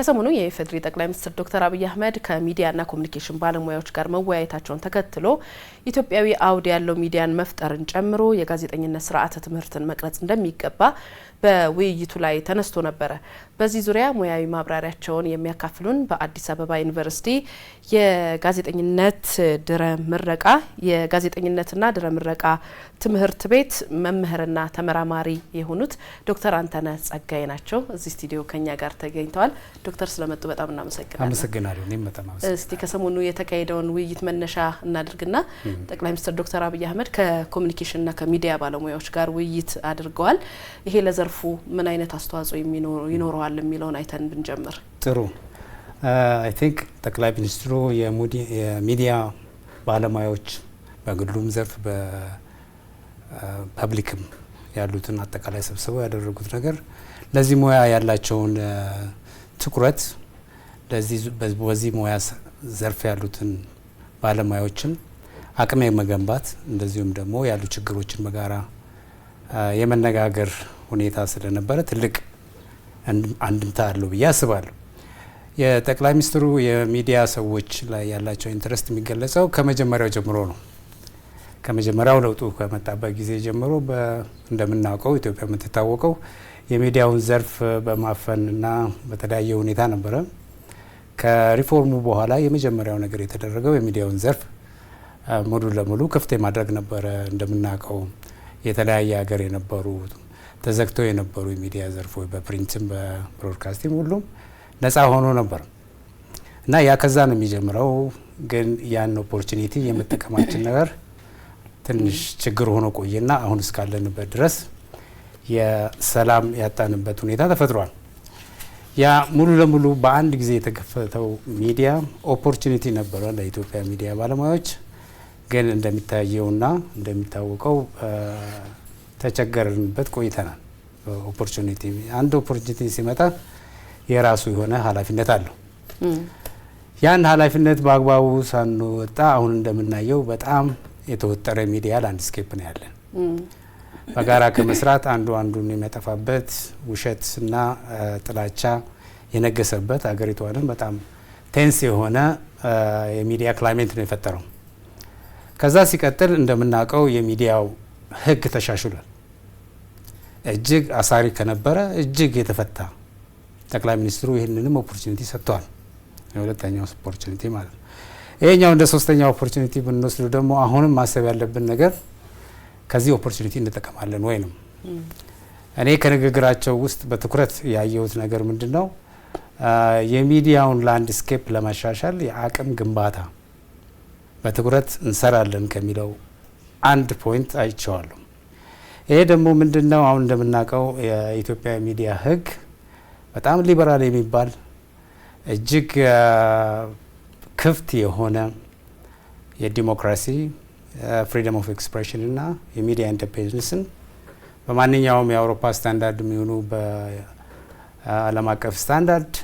ከሰሞኑ የኢፌዴሪ ጠቅላይ ሚኒስትር ዶክተር አብይ አህመድ ከሚዲያና ኮሚኒኬሽን ባለሙያዎች ጋር መወያየታቸውን ተከትሎ ኢትዮጵያዊ አውድ ያለው ሚዲያን መፍጠርን ጨምሮ የጋዜጠኝነት ስርዓተ ትምህርትን መቅረጽ እንደሚገባ በውይይቱ ላይ ተነስቶ ነበረ። በዚህ ዙሪያ ሙያዊ ማብራሪያቸውን የሚያካፍሉን በአዲስ አበባ ዩኒቨርሲቲ የጋዜጠኝነት ድረ ምረቃ የጋዜጠኝነትና ድረ ምረቃ ትምህርት ቤት መምህርና ተመራማሪ የሆኑት ዶክተር አንተነህ ጸጋይ ናቸው። እዚህ ስቱዲዮ ከኛ ጋር ተገኝተዋል። ዶክተር ስለመጡ በጣም እናመሰግናለን። አመሰግናለሁ። እኔም በጣም እስቲ ከሰሞኑ የተካሄደውን ውይይት መነሻ እናድርግና ጠቅላይ ሚኒስትር ዶክተር አብይ አህመድ ከኮሚኒኬሽንና ከሚዲያ ባለሙያዎች ጋር ውይይት አድርገዋል። ይሄ ለዘርፉ ምን አይነት አስተዋጽኦ ይኖረዋል የሚለውን አይተን ብንጀምር ጥሩ። አይ ቲንክ ጠቅላይ ሚኒስትሩ የሚዲያ ባለሙያዎች በግሉም ዘርፍ ፐብሊክም ያሉትን አጠቃላይ ሰብስበው ያደረጉት ነገር ለዚህ ሙያ ያላቸውን ትኩረት በዚህ ሙያ ዘርፍ ያሉትን ባለሙያዎችን አቅም የመገንባት እንደዚሁም ደግሞ ያሉ ችግሮችን በጋራ የመነጋገር ሁኔታ ስለነበረ ትልቅ አንድምታ አለው ብዬ አስባለሁ። የጠቅላይ ሚኒስትሩ የሚዲያ ሰዎች ላይ ያላቸው ኢንትረስት የሚገለጸው ከመጀመሪያው ጀምሮ ነው። ከመጀመሪያው ለውጡ ከመጣበት ጊዜ ጀምሮ እንደምናውቀው ኢትዮጵያ የምትታወቀው የሚዲያውን ዘርፍ በማፈንና በተለያየ ሁኔታ ነበረ። ከሪፎርሙ በኋላ የመጀመሪያው ነገር የተደረገው የሚዲያውን ዘርፍ ሙሉ ለሙሉ ክፍት ማድረግ ነበረ። እንደምናውቀው የተለያየ ሀገር የነበሩ ተዘግተው የነበሩ የሚዲያ ዘርፎች በፕሪንትም በብሮድካስቲንግ ሁሉም ነጻ ሆኖ ነበር እና ያ ከዛ ነው የሚጀምረው። ግን ያን ኦፖርቹኒቲ የመጠቀማችን ነገር ትንሽ ችግር ሆኖ ቆየና አሁን እስካለንበት ድረስ የሰላም ያጣንበት ሁኔታ ተፈጥሯል። ያ ሙሉ ለሙሉ በአንድ ጊዜ የተከፈተው ሚዲያ ኦፖርቹኒቲ ነበረ ለኢትዮጵያ ሚዲያ ባለሙያዎች። ግን እንደሚታየውና እንደሚታወቀው ተቸገርንበት ቆይተናል። ኦፖርቹኒቲ አንድ ኦፖርቹኒቲ ሲመጣ የራሱ የሆነ ኃላፊነት አለው። ያን ኃላፊነት በአግባቡ ሳንወጣ አሁን እንደምናየው በጣም የተወጠረ ሚዲያ ላንድስኬፕ ነው ያለን። በጋራ ከመስራት አንዱ አንዱን የሚያጠፋበት ውሸትና ጥላቻ የነገሰበት አገሪቷንም በጣም ቴንስ የሆነ የሚዲያ ክላይሜንት ነው የፈጠረው። ከዛ ሲቀጥል እንደምናውቀው የሚዲያው ህግ ተሻሽሏል። እጅግ አሳሪ ከነበረ እጅግ የተፈታ ጠቅላይ ሚኒስትሩ ይህንንም ኦፖርቹኒቲ ሰጥተዋል። የሁለተኛው ኦፖርቹኒቲ ማለት ነው። ይሄኛው እንደ ሶስተኛ ኦፖርቹኒቲ ብንወስዱ ደግሞ አሁንም ማሰብ ያለብን ነገር ከዚህ ኦፖርቹኒቲ እንጠቀማለን ወይ ነው። እኔ ከንግግራቸው ውስጥ በትኩረት ያየሁት ነገር ምንድን ነው? የሚዲያውን ላንድስኬፕ ለማሻሻል የአቅም ግንባታ በትኩረት እንሰራለን ከሚለው አንድ ፖይንት አይቸዋሉ። ይሄ ደግሞ ምንድን ነው? አሁን እንደምናውቀው የኢትዮጵያ ሚዲያ ሕግ በጣም ሊበራል የሚባል እጅግ ክፍት የሆነ የዲሞክራሲ ፍሪደም ኦፍ ኤክስፕሬሽን እና የሚዲያ ኢንዲፔንደንስን በማንኛውም የአውሮፓ ስታንዳርድ የሚሆኑ በዓለም አቀፍ ስታንዳርድ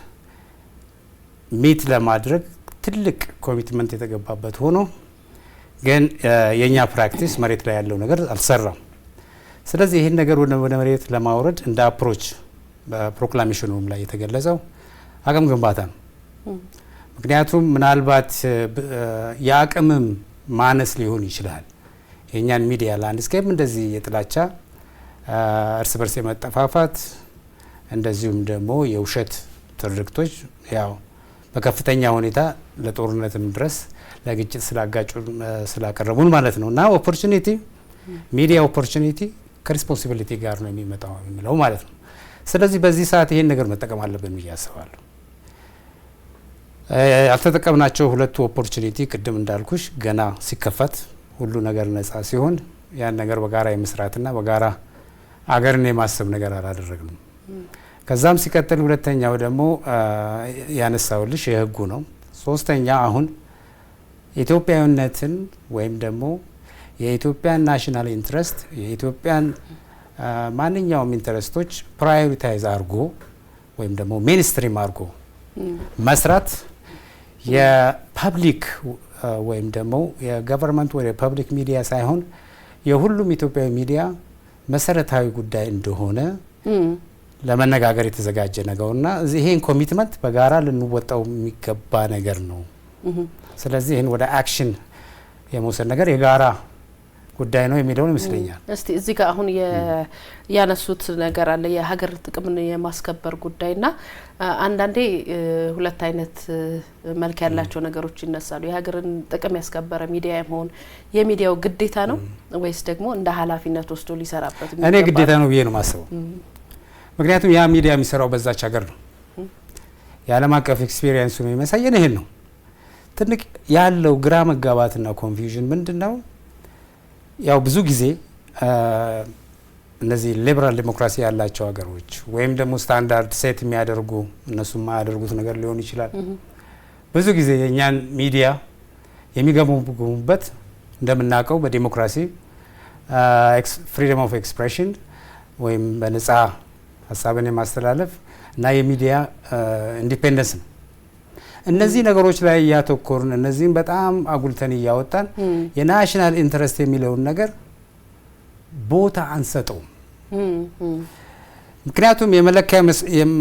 ሚት ለማድረግ ትልቅ ኮሚትመንት የተገባበት ሆኖ ግን የእኛ ፕራክቲስ መሬት ላይ ያለው ነገር አልሰራም። ስለዚህ ይህን ነገር ወደ መሬት ለማውረድ እንደ አፕሮች በፕሮክላሜሽኑም ላይ የተገለጸው አቅም ግንባታ ነው። ምክንያቱም ምናልባት የአቅምም ማነስ ሊሆን ይችላል። የእኛን ሚዲያ ላንድስኬፕ እንደዚህ የጥላቻ እርስ በርስ የመጠፋፋት እንደዚሁም ደግሞ የውሸት ትርክቶች ያው በከፍተኛ ሁኔታ ለጦርነትም ድረስ ለግጭት ስላጋጩ ስላቀረቡን ማለት ነው እና ኦፖርቹኒቲ ሚዲያ ኦፖርቹኒቲ ከሪስፖንሲቢሊቲ ጋር ነው የሚመጣው የሚለው ማለት ነው። ስለዚህ በዚህ ሰዓት ይሄን ነገር መጠቀም አለብን ብዬ አስባለሁ። ያልተጠቀምናቸው ሁለቱ ኦፖርቹኒቲ ቅድም እንዳልኩሽ ገና ሲከፈት ሁሉ ነገር ነጻ ሲሆን ያን ነገር በጋራ የመስራትና በጋራ አገርን የማሰብ ነገር አላደረግንም። ከዛም ሲቀጥል ሁለተኛው ደግሞ ያነሳውልሽ የህጉ ነው። ሶስተኛ አሁን ኢትዮጵያዊነትን ወይም ደግሞ የኢትዮጵያን ናሽናል ኢንትረስት የኢትዮጵያን ማንኛውም ኢንትረስቶች ፕራዮሪታይዝ አድርጎ ወይም ደግሞ ሜንስትሪም አድርጎ መስራት የፐብሊክ ወይም ደግሞ የገቨርንመንት ወይ የፐብሊክ ሚዲያ ሳይሆን የሁሉም ኢትዮጵያዊ ሚዲያ መሰረታዊ ጉዳይ እንደሆነ ለመነጋገር የተዘጋጀ ነገርና ይሄን ኮሚትመንት በጋራ ልንወጣው የሚገባ ነገር ነው። ስለዚህ ይህን ወደ አክሽን የመውሰድ ነገር የጋራ ጉዳይ ነው የሚለውን ይመስለኛል። እስቲ እዚህ ጋር አሁን ያነሱት ነገር አለ የሀገር ጥቅምን የማስከበር ጉዳይ ና አንዳንዴ ሁለት አይነት መልክ ያላቸው ነገሮች ይነሳሉ። የሀገርን ጥቅም ያስከበረ ሚዲያ የመሆን የሚዲያው ግዴታ ነው ወይስ ደግሞ እንደ ኃላፊነት ወስዶ ሊሰራበት? እኔ ግዴታ ነው ብዬ ነው የማስበው። ምክንያቱም ያ ሚዲያ የሚሰራው በዛች ሀገር ነው። የዓለም አቀፍ ኤክስፔሪየንሱ ነው የሚያሳየን ይህን ነው። ትልቅ ያለው ግራ መጋባትና ኮንፊውዥን ምንድን ነው? ያው ብዙ ጊዜ እነዚህ ሊበራል ዲሞክራሲ ያላቸው ሀገሮች ወይም ደግሞ ስታንዳርድ ሴት የሚያደርጉ እነሱ የማያደርጉት ነገር ሊሆን ይችላል። ብዙ ጊዜ የእኛን ሚዲያ የሚገመግሙበት እንደምናውቀው በዲሞክራሲ ፍሪደም ኦፍ ኤክስፕሬሽን ወይም በነጻ ሀሳብን የማስተላለፍ እና የሚዲያ ኢንዲፔንደንስ ነው። እነዚህ ነገሮች ላይ እያተኮርን እነዚህም በጣም አጉልተን እያወጣን የናሽናል ኢንትረስት የሚለውን ነገር ቦታ አንሰጠውም። ምክንያቱም የመለኪያ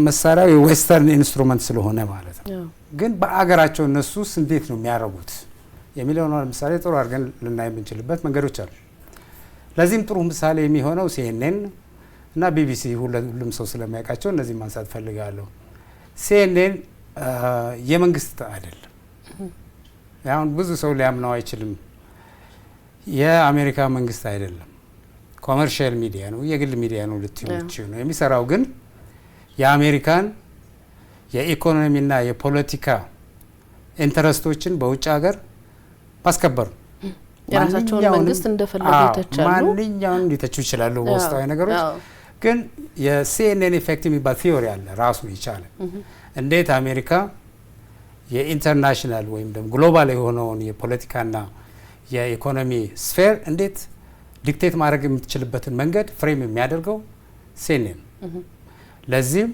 መሳሪያው የዌስተርን ኢንስትሩመንት ስለሆነ ማለት ነው። ግን በአገራቸው እነሱስ እንዴት ነው የሚያደርጉት የሚለው ለምሳሌ ጥሩ አድርገን ልናይ የምንችልበት መንገዶች አሉ። ለዚህም ጥሩ ምሳሌ የሚሆነው ሲኤንኤን እና ቢቢሲ ሁሉም ሰው ስለሚያውቃቸው እነዚህ ማንሳት ፈልጋለሁ። ሲኤንኤን የመንግስት አይደለም። አሁን ብዙ ሰው ሊያምነው አይችልም። የአሜሪካ መንግስት አይደለም፣ ኮመርሻል ሚዲያ ነው፣ የግል ሚዲያ ነው ልትሆች ነው የሚሰራው። ግን የአሜሪካን የኢኮኖሚና የፖለቲካ ኢንተረስቶችን በውጭ ሀገር ማስከበር ማንኛውን ሊተቹ ይችላሉ። በውስጣዊ ነገሮች ግን የሲኤንኤን ኢፌክት የሚባል ቲዮሪ አለ ራሱ ይቻለ እንዴት አሜሪካ የኢንተርናሽናል ወይም ደግሞ ግሎባል የሆነውን የፖለቲካና የኢኮኖሚ ስፌር እንዴት ዲክቴት ማድረግ የምትችልበትን መንገድ ፍሬም የሚያደርገው ሴኔን። ለዚህም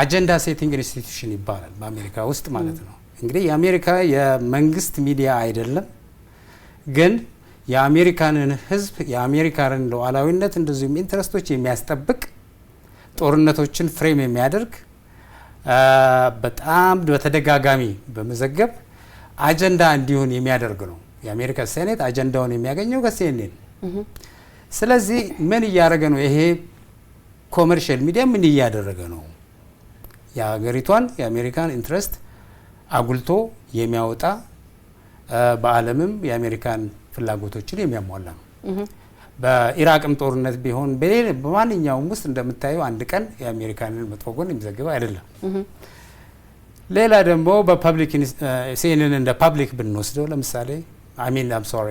አጀንዳ ሴቲንግ ኢንስቲትዩሽን ይባላል በአሜሪካ ውስጥ ማለት ነው። እንግዲህ የአሜሪካ የመንግስት ሚዲያ አይደለም፣ ግን የአሜሪካንን ህዝብ የአሜሪካንን ሉዓላዊነት እንደዚሁም ኢንትረስቶች የሚያስጠብቅ ጦርነቶችን ፍሬም የሚያደርግ በጣም በተደጋጋሚ በመዘገብ አጀንዳ እንዲሆን የሚያደርግ ነው። የአሜሪካ ሴኔት አጀንዳውን የሚያገኘው ከሴኔት። ስለዚህ ምን እያደረገ ነው? ይሄ ኮመርሽል ሚዲያ ምን እያደረገ ነው? የሀገሪቷን የአሜሪካን ኢንትረስት አጉልቶ የሚያወጣ በዓለምም የአሜሪካን ፍላጎቶችን የሚያሟላ ነው። በኢራቅም ጦርነት ቢሆን በማንኛውም ውስጥ እንደምታየው አንድ ቀን የአሜሪካንን መጥፎ ጎን አይደለም። ሌላ ደግሞ በፐብሊክ ሲኤንኤን እንደ ፐብሊክ ብንወስደው ለምሳሌ አሚን አም ሶሪ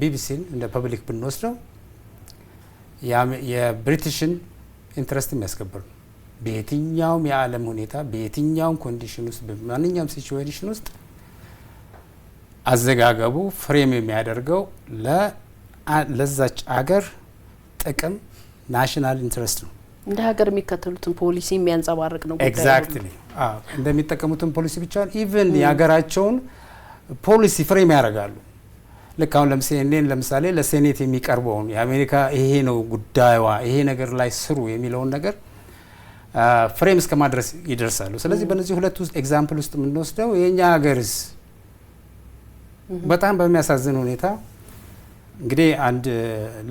ቢቢሲን እንደ ፐብሊክ ብንወስደው የብሪቲሽን ኢንትረስት የሚያስከብር ነው። በየትኛውም የዓለም ሁኔታ በየትኛውም ኮንዲሽን ውስጥ በማንኛውም ሲቹዌሽን ውስጥ አዘጋገቡ ፍሬም የሚያደርገው ለ ለዛች አገር ጥቅም ናሽናል ኢንትረስት ነው። እንደ ሀገር የሚከተሉትን ፖሊሲ የሚያንጸባርቅ ነው። ኤግዛክትሊ እንደሚጠቀሙትን ፖሊሲ ብቻ ኢቨን የሀገራቸውን ፖሊሲ ፍሬም ያደርጋሉ። ልክ አሁን ለምሳሌ እኔን ለምሳሌ ለሴኔት የሚቀርበውን የአሜሪካ ይሄ ነው ጉዳዩዋ፣ ይሄ ነገር ላይ ስሩ የሚለውን ነገር ፍሬም እስከ ማድረስ ይደርሳሉ። ስለዚህ በነዚህ ሁለት ውስጥ ኤግዛምፕል ውስጥ የምንወስደው የእኛ ሀገርስ በጣም በሚያሳዝን ሁኔታ እንግዲህ አንድ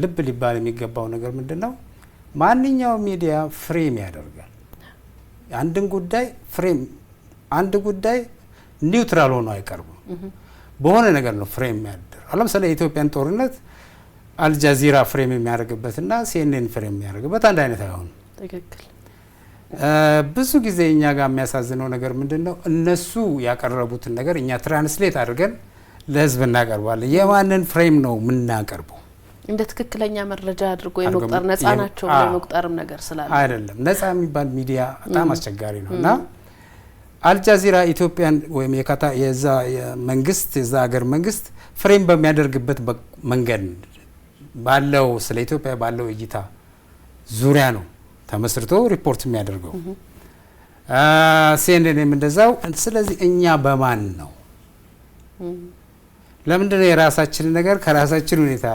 ልብ ሊባል የሚገባው ነገር ምንድን ነው? ማንኛውም ሚዲያ ፍሬም ያደርጋል አንድን ጉዳይ ፍሬም አንድ ጉዳይ ኒውትራል ሆኖ አይቀርቡም። በሆነ ነገር ነው ፍሬም የሚያደር ለምሳሌ የኢትዮጵያን ጦርነት አልጃዚራ ፍሬም የሚያደርግበትና ሲኤንኤን ፍሬም የሚያደርግበት አንድ አይነት አይሆንም። ብዙ ጊዜ እኛ ጋር የሚያሳዝነው ነገር ምንድን ነው? እነሱ ያቀረቡትን ነገር እኛ ትራንስሌት አድርገን ለህዝብ እናቀርባለን። የማንን ፍሬም ነው የምናቀርበው? እንደ ትክክለኛ መረጃ አድርጎ የመቁጠር ነጻ ናቸው የመቁጠርም ነገር ስላለ አይደለም። ነጻ የሚባል ሚዲያ በጣም አስቸጋሪ ነው እና አልጃዚራ ኢትዮጵያን ወይም የካታ የዛ መንግስት የዛ ሀገር መንግስት ፍሬም በሚያደርግበት መንገድ ባለው ስለ ኢትዮጵያ ባለው እይታ ዙሪያ ነው ተመስርቶ ሪፖርት የሚያደርገው ሲኤንኤንም እንደዛው። ስለዚህ እኛ በማን ነው ለምንድነው የራሳችንን ነገር ከራሳችን ሁኔታ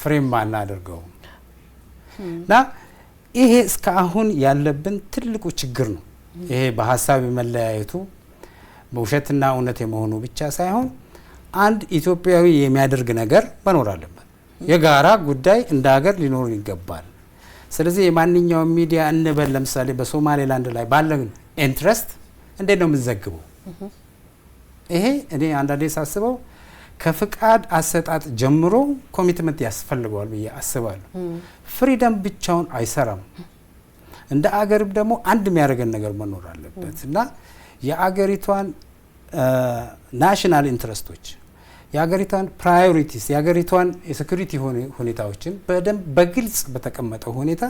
ፍሬም ማናደርገው? እና ይሄ እስከ አሁን ያለብን ትልቁ ችግር ነው። ይሄ በሀሳብ የመለያየቱ በውሸትና እውነት የመሆኑ ብቻ ሳይሆን አንድ ኢትዮጵያዊ የሚያደርግ ነገር መኖር አለበት። የጋራ ጉዳይ እንደ ሀገር ሊኖሩ ይገባል። ስለዚህ የማንኛውም ሚዲያ እንበል ለምሳሌ በሶማሌላንድ ላይ ባለን ኢንትረስት እንዴት ነው የምንዘግበው? ይሄ እኔ አንዳንዴ ሳስበው ከፍቃድ አሰጣጥ ጀምሮ ኮሚትመንት ያስፈልገዋል ብዬ አስባለሁ። ፍሪደም ብቻውን አይሰራም። እንደ አገርም ደግሞ አንድ የሚያደርገን ነገር መኖር አለበት እና የአገሪቷን ናሽናል ኢንትረስቶች የሀገሪቷን ፕራዮሪቲስ የሀገሪቷን የሴኩሪቲ ሁኔታዎችን በደንብ በግልጽ በተቀመጠው ሁኔታ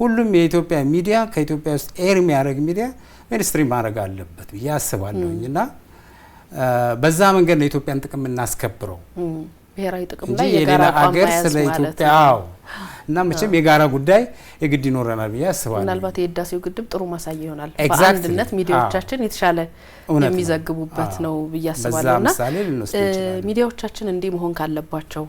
ሁሉም የኢትዮጵያ ሚዲያ ከኢትዮጵያ ውስጥ ኤር የሚያደርግ ሚዲያ ሚኒስትሪ ማድረግ አለበት ብዬ አስባለሁኝ እና በዛ መንገድ ነው ኢትዮጵያን ጥቅም እናስከብረው ብሔራዊ ጥቅም ላይ የጋራ አገር ስለ ኢትዮጵያ አዎ እና መቼም የጋራ ጉዳይ የግድ ይኖረናል ብዬ አስባለሁ። ምናልባት የህዳሴው ግድብ ጥሩ ማሳያ ይሆናል። በአንድነት ሚዲያዎቻችን የተሻለ የሚዘግቡበት ነው ብዬ አስባለሁ። እና ሚዲያዎቻችን እንዲህ መሆን ካለባቸው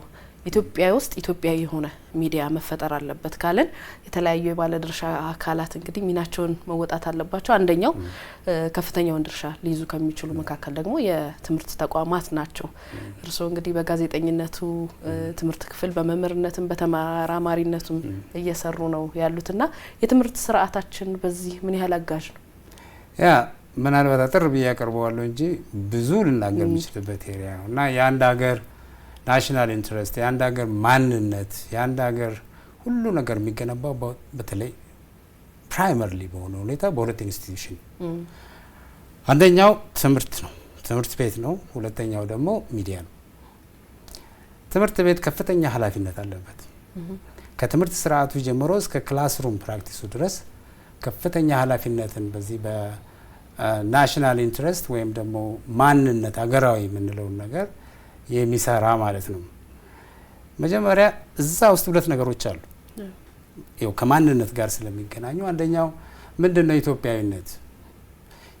ኢትዮጵያ ውስጥ ኢትዮጵያዊ የሆነ ሚዲያ መፈጠር አለበት ካለን የተለያዩ የባለድርሻ አካላት እንግዲህ ሚናቸውን መወጣት አለባቸው። አንደኛው ከፍተኛውን ድርሻ ሊይዙ ከሚችሉ መካከል ደግሞ የትምህርት ተቋማት ናቸው። እርስዎ እንግዲህ በጋዜጠኝነቱ ትምህርት ክፍል በመምህርነትም በተመራማሪነቱም እየሰሩ ነው ያሉትና የትምህርት ስርዓታችን በዚህ ምን ያህል አጋዥ ነው? ያ ምናልባት አጥር ብዬ ያቀርበዋለሁ እንጂ ብዙ ልናገር የሚችልበት ኤሪያ ነው እና የአንድ ሀገር ናሽናል ኢንትረስት የአንድ ሀገር ማንነት የአንድ ሀገር ሁሉ ነገር የሚገነባው በተለይ ፕራይመሪሊ በሆነ ሁኔታ በሁለት ኢንስቲትዩሽን አንደኛው ትምህርት ነው፣ ትምህርት ቤት ነው። ሁለተኛው ደግሞ ሚዲያ ነው። ትምህርት ቤት ከፍተኛ ኃላፊነት አለበት። ከትምህርት ስርዓቱ ጀምሮ እስከ ክላስሩም ፕራክቲሱ ድረስ ከፍተኛ ኃላፊነትን በዚህ በናሽናል ኢንትረስት ወይም ደግሞ ማንነት ሀገራዊ የምንለውን ነገር የሚሰራ ማለት ነው። መጀመሪያ እዛ ውስጥ ሁለት ነገሮች አሉ ያው ከማንነት ጋር ስለሚገናኙ አንደኛው ምንድን ነው ኢትዮጵያዊነት፣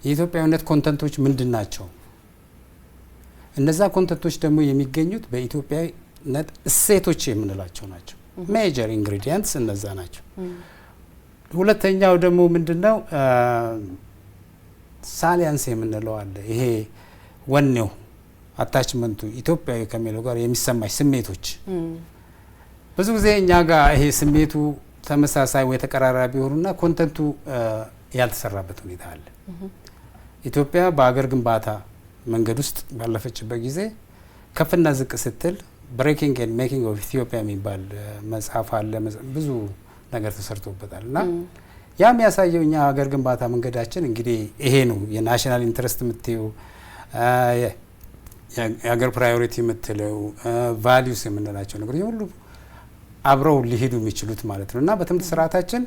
የኢትዮጵያዊነት ኮንተንቶች ምንድን ናቸው? እነዛ ኮንተንቶች ደግሞ የሚገኙት በኢትዮጵያዊነት እሴቶች የምንላቸው ናቸው። ሜጀር ኢንግሪዲየንትስ እነዛ ናቸው። ሁለተኛው ደግሞ ምንድን ነው ሳሊያንስ የምንለው አለ። ይሄ ወኔው አታችመንቱ ኢትዮጵያዊ ከሚለው ጋር የሚሰማች ስሜቶች ብዙ ጊዜ እኛ ጋር ይሄ ስሜቱ ተመሳሳይ ወይ ተቀራራቢ ሆኑና ኮንተንቱ ያልተሰራበት ሁኔታ አለ። ኢትዮጵያ በሀገር ግንባታ መንገድ ውስጥ ባለፈችበት ጊዜ ከፍና ዝቅ ስትል ብሬኪንግ ኤንድ ሜኪንግ ኦፍ ኢትዮጵያ የሚባል መጽሐፍ አለ። ብዙ ነገር ተሰርቶበታል እና ያ የሚያሳየው እኛ ሀገር ግንባታ መንገዳችን እንግዲህ ይሄ ነው። የናሽናል ኢንትረስት የምትየው የሀገር ፕራዮሪቲ የምትለው ቫሊዩስ የምንላቸው ነገሮች ሁሉ አብረው ሊሄዱ የሚችሉት ማለት ነው እና በትምህርት ስርዓታችን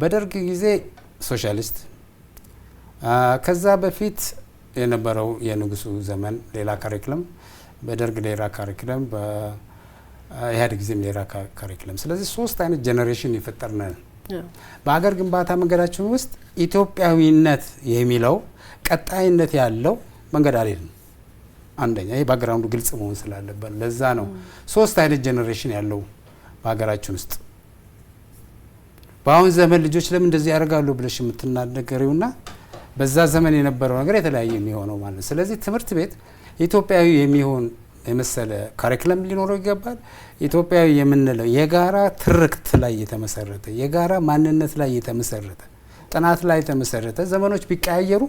በደርግ ጊዜ ሶሻሊስት፣ ከዛ በፊት የነበረው የንጉሱ ዘመን ሌላ ካሪክለም፣ በደርግ ሌላ ካሪክለም፣ በኢህአዴግ ጊዜም ሌላ ካሪክለም። ስለዚህ ሶስት አይነት ጄኔሬሽን ይፈጠርናል። በሀገር ግንባታ መንገዳችን ውስጥ ኢትዮጵያዊነት የሚለው ቀጣይነት ያለው መንገድ አልሄድም። አንደኛ ይህ ባክግራውንዱ ግልጽ መሆን ስላለበት ለዛ ነው ሶስት አይነት ጀኔሬሽን ያለው በሀገራችን ውስጥ በአሁን ዘመን ልጆች ለምን እንደዚህ ያደርጋሉ ብለሽ የምትናገሪውና በዛ ዘመን የነበረው ነገር የተለያየ የሚሆነው ማለት ነው። ስለዚህ ትምህርት ቤት ኢትዮጵያዊ የሚሆን የመሰለ ካሪክለም ሊኖረው ይገባል። ኢትዮጵያዊ የምንለው የጋራ ትርክት ላይ የተመሰረተ የጋራ ማንነት ላይ የተመሰረተ ጥናት ላይ የተመሰረተ ዘመኖች ቢቀያየሩ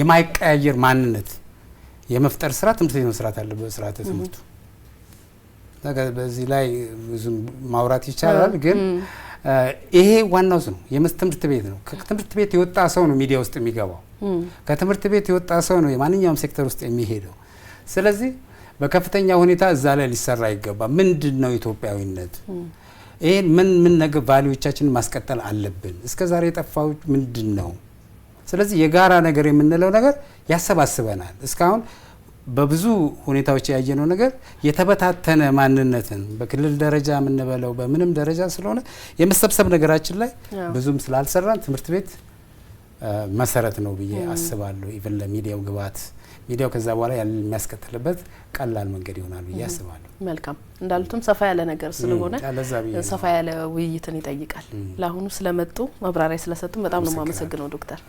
የማይቀያየር ማንነት የመፍጠር ስራ ትምህርት ቤት መስራት አለበት ስርዓተ ትምህርቱ። በዚህ ላይ ብዙም ማውራት ይቻላል፣ ግን ይሄ ዋናው ነው። የትምህርት ቤት ነው። ከትምህርት ቤት የወጣ ሰው ነው ሚዲያ ውስጥ የሚገባው። ከትምህርት ቤት የወጣ ሰው ነው የማንኛውም ሴክተር ውስጥ የሚሄደው። ስለዚህ በከፍተኛ ሁኔታ እዛ ላይ ሊሰራ ይገባ ምንድን ነው ኢትዮጵያዊነት? ይህን ምን ምን ነገር ቫሊዎቻችንን ማስቀጠል አለብን? እስከ ዛሬ የጠፋው ምንድን ነው? ስለዚህ የጋራ ነገር የምንለው ነገር ያሰባስበናል። እስካሁን በብዙ ሁኔታዎች ያየነው ነገር የተበታተነ ማንነትን በክልል ደረጃ የምንበለው በምንም ደረጃ ስለሆነ የመሰብሰብ ነገራችን ላይ ብዙም ስላልሰራን ትምህርት ቤት መሰረት ነው ብዬ አስባለሁ። ኢቨን ለሚዲያው ግብዓት ሚዲያው ከዛ በኋላ የሚያስከትልበት ቀላል መንገድ ይሆናል ብዬ አስባለሁ። መልካም እንዳሉትም ሰፋ ያለ ነገር ስለሆነ ሰፋ ያለ ውይይትን ይጠይቃል። ለአሁኑ ስለመጡ ማብራሪያ ስለሰጡም በጣም ነው የማመሰግነው ዶክተር።